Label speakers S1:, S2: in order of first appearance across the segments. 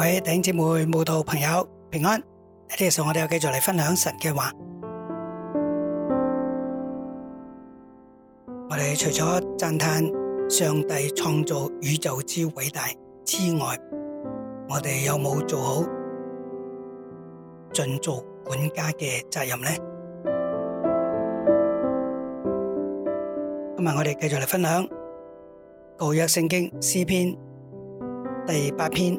S1: 各位弟兄姊妹、信徒朋友平安。呢個時候，我哋又繼續嚟分享神嘅話。我哋除咗讚嘆上帝創造宇宙之偉大之外，我哋有冇做好盡做管家嘅責任呢？今日我哋繼續嚟分享舊約聖經詩篇第八篇。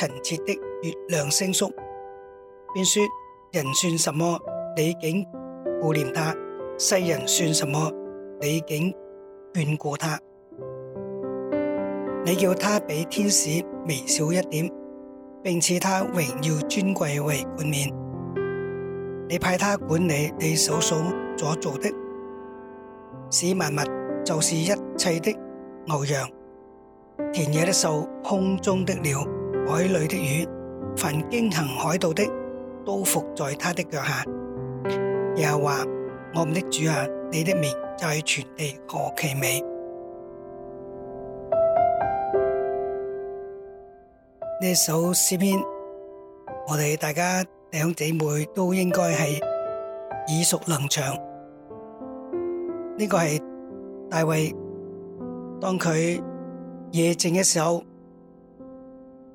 S1: 陳設的月亮星宿，便說：人算什麼，你竟顧念他；世人算什麼，你竟眷顧他？你叫他比天使微小一點，並賜他榮耀尊貴為冠冕。你派他管理你嫂嫂所，所做的，使萬物就是一切的牛羊、田野的獸、空中的鳥。海裏的魚，凡經行海道的，都伏在他的腳下。又話：我們的主啊，你的名在全地何其美！呢 首詩篇，我哋大家兩姊妹都應該係耳熟能詳。呢、這個係大衛當佢夜靜嘅時候。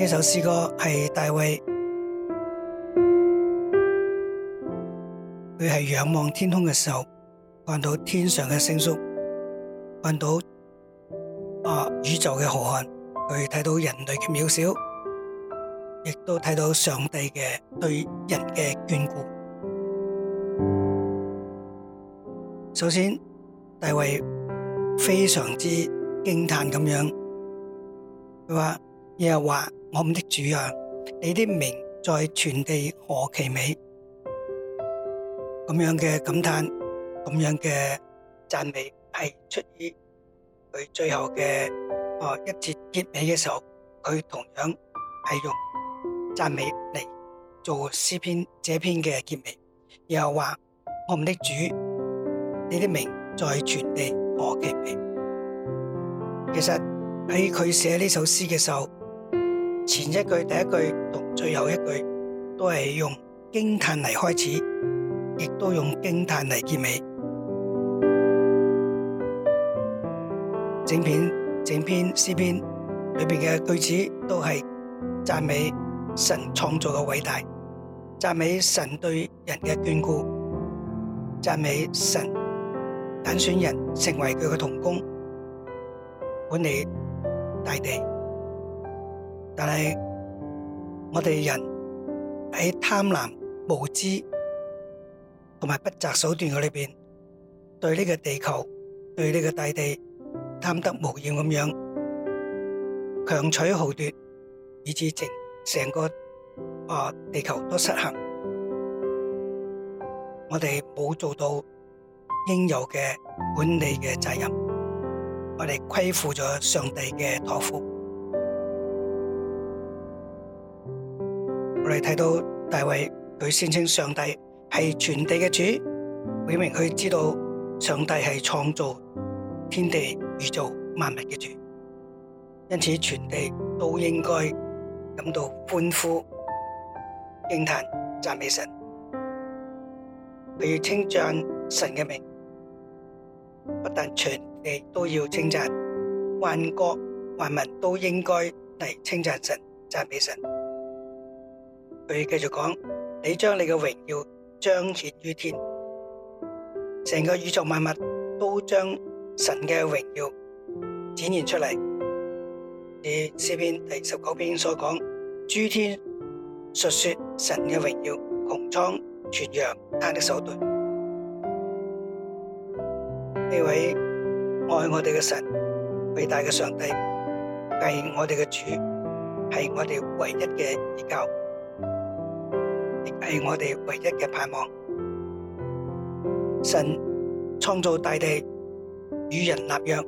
S1: 呢首詩歌係大衛，佢係仰望天空嘅時候，看到天上嘅星宿，看到啊宇宙嘅浩瀚，佢睇到人類嘅渺小，亦都睇到上帝嘅對人嘅眷顧。首先，大衛非常之驚歎咁樣，佢話耶和華。我們的主啊，你的名在全地何其美！咁樣嘅感嘆，咁樣嘅讚美，係出於佢最後嘅哦一次結尾嘅時候，佢同樣係用讚美嚟做詩篇這篇嘅結尾，然後話我們的主，你的名在全地何其美！其實喺佢寫呢首詩嘅時候。前一句，第一句讀，最後一句都係用驚嘆嚟開始，亦都用驚嘆嚟結尾。整篇整篇詩篇裏邊嘅句子都係讚美神創造嘅偉大，讚美神對人嘅眷顧，讚美神揀選人成為佢嘅同工，管理大地。但係我哋人喺貪婪、無知同埋不擇手段嘅裏邊，對呢個地球、對呢個大地貪得無厭咁樣強取豪奪，以至成個啊地球都失衡。我哋冇做到應有嘅管理嘅責任，我哋虧負咗上帝嘅託付。我哋睇到大衛，佢宣稱上帝是全地嘅主，表明佢知道上帝是創造天地宇宙萬物嘅主，因此全地都應該感到歡呼、驚嘆、讚美神。佢要稱讚神嘅名，不但全地都要稱讚，萬國萬民都應該嚟稱讚神、讚美神。佢繼續講，你將你嘅榮耀彰顯於天，成個宇宙萬物都將神嘅榮耀展現出嚟。你詩篇第十九篇所講，諸天述說神嘅榮耀，穹蒼傳揚他的手段。呢位愛我哋嘅神，偉大嘅上帝，係我哋嘅主，係我哋唯一嘅依靠。係我哋唯一嘅盼望。神創造大地，與人立約，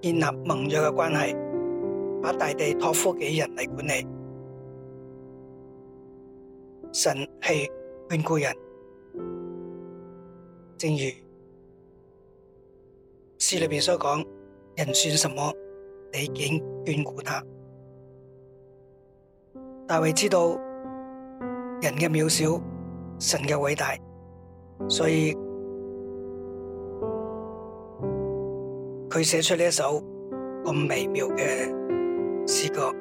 S1: 建立盟約嘅關係，把大地託付俾人嚟管理。神係眷顧人，正如詩裏邊所講：人算什麼，你竟眷顧他？大衛知道。人嘅渺小，神嘅偉大，所以佢寫出呢一首咁微妙嘅詩歌。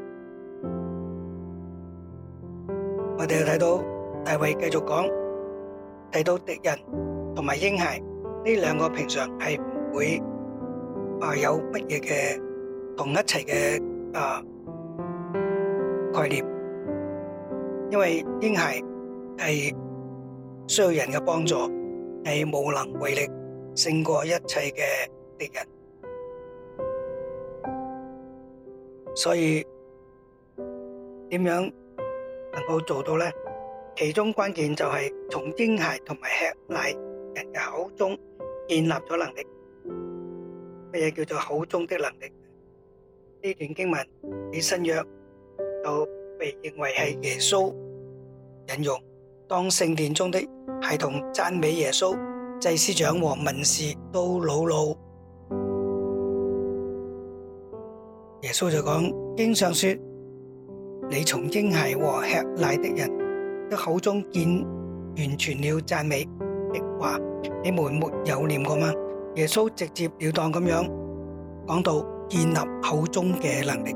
S1: 我哋要睇到大衛繼續講，睇到敵人同埋嬰孩呢兩個平常係唔會啊有乜嘢嘅同一齊嘅啊概念。因為嬰孩係需要人嘅幫助，係無能為力勝過一切嘅敵人，所以點樣能夠做到呢？其中關鍵就係從嬰孩同埋吃奶人嘅口中建立咗能力。乜嘢叫做口中的能力？呢段經文你新約到。認為係耶穌引用當聖殿中的係同讚美耶穌祭司長和文士都惱怒，耶穌就講，經常說，你從嬰孩和吃奶的人的口中見完全了讚美的話，你們沒有念過嗎？耶穌直接了當咁樣講到建立口中嘅能力。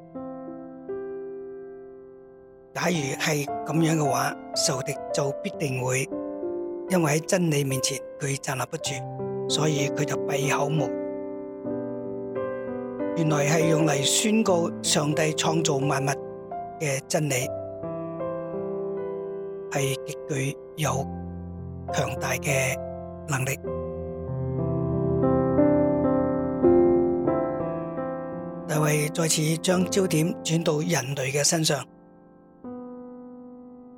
S1: 假如係咁樣嘅話，仇敵就必定會，因為喺真理面前佢站立不住，所以佢就閉口無語。原來係用嚟宣告上帝創造萬物嘅真理，係極具有強大嘅能力。大衛再次將焦點轉到人類嘅身上。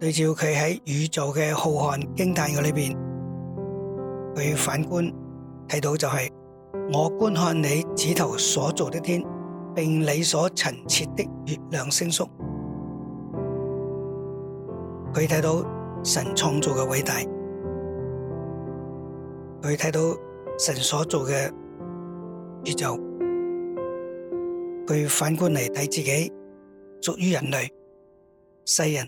S1: 對照佢喺宇宙嘅浩瀚驚嘆嘅裏邊，佢反觀睇到就係我觀看你指頭所造的天，並你所陳設的月亮星宿，佢睇到神創造嘅偉大，佢睇到神所造嘅宇宙，佢反觀嚟睇自己屬於人類世人。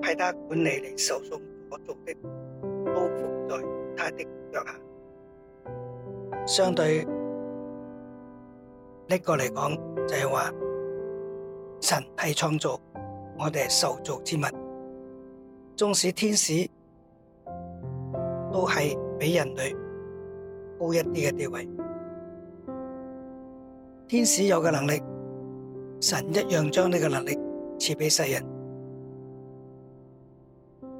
S1: 派他管理來受送所作的，都伏在他的腳下。相對呢、這個嚟講，就係、是、話神係創造我哋係受造之物，縱使天使都係比人類高一啲嘅地位。天使有嘅能力，神一樣將呢個能力賜畀世人。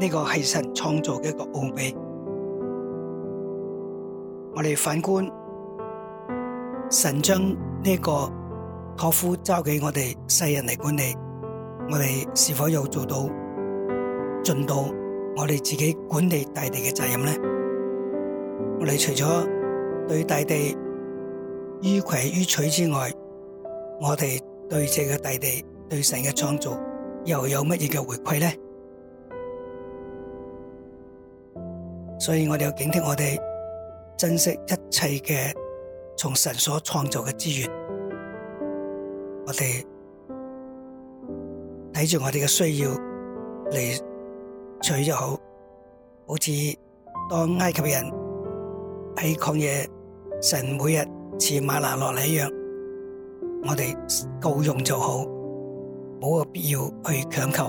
S1: 呢個係神創造嘅一個奧秘，我哋反觀神將呢個托夫交畀我哋世人嚟管理，我哋是否有做到盡到我哋自己管理大地嘅責任咧？我哋除咗對大地於攰於取之外，我哋對這個大地、對神嘅創造又有乜嘢嘅回饋咧？所以我哋要警惕，我哋珍惜一切嘅從神所創造嘅資源。我哋睇住我哋嘅需要嚟取就好，好似當埃及人喺曠野，神每日賜馬拿落嚟一樣。我哋夠用就好，冇個必要去強求，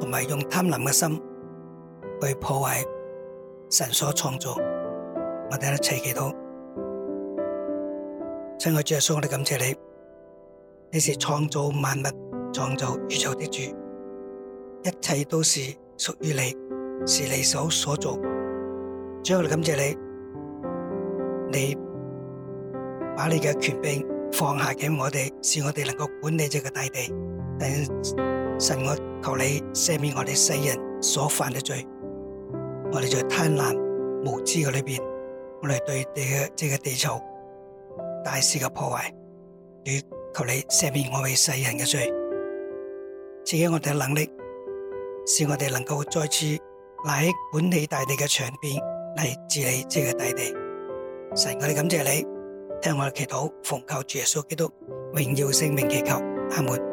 S1: 同埋用貪婪嘅心去破壞。神所創造，我哋一齊祈禱。親愛的主耶穌，我哋感謝你，你是創造萬物、創造宇宙的主，一切都是屬於你，是你手所,所做。主，我哋感謝你，你把你嘅權柄放下給我哋，使我哋能夠管理這個大地。但神，我求你赦免我哋世人所犯的罪。我哋在貪婪無知嘅裏面，我哋對地嘅、即係地球，大肆嘅破壞，與求你赦免我哋世人嘅罪，賜給我哋嘅能力，使我哋能夠再次立喺管理大地嘅場邊嚟治理即係大地。神，我哋感謝你，聽我哋祈禱，奉求主耶穌基督榮耀聖名祈求，阿門。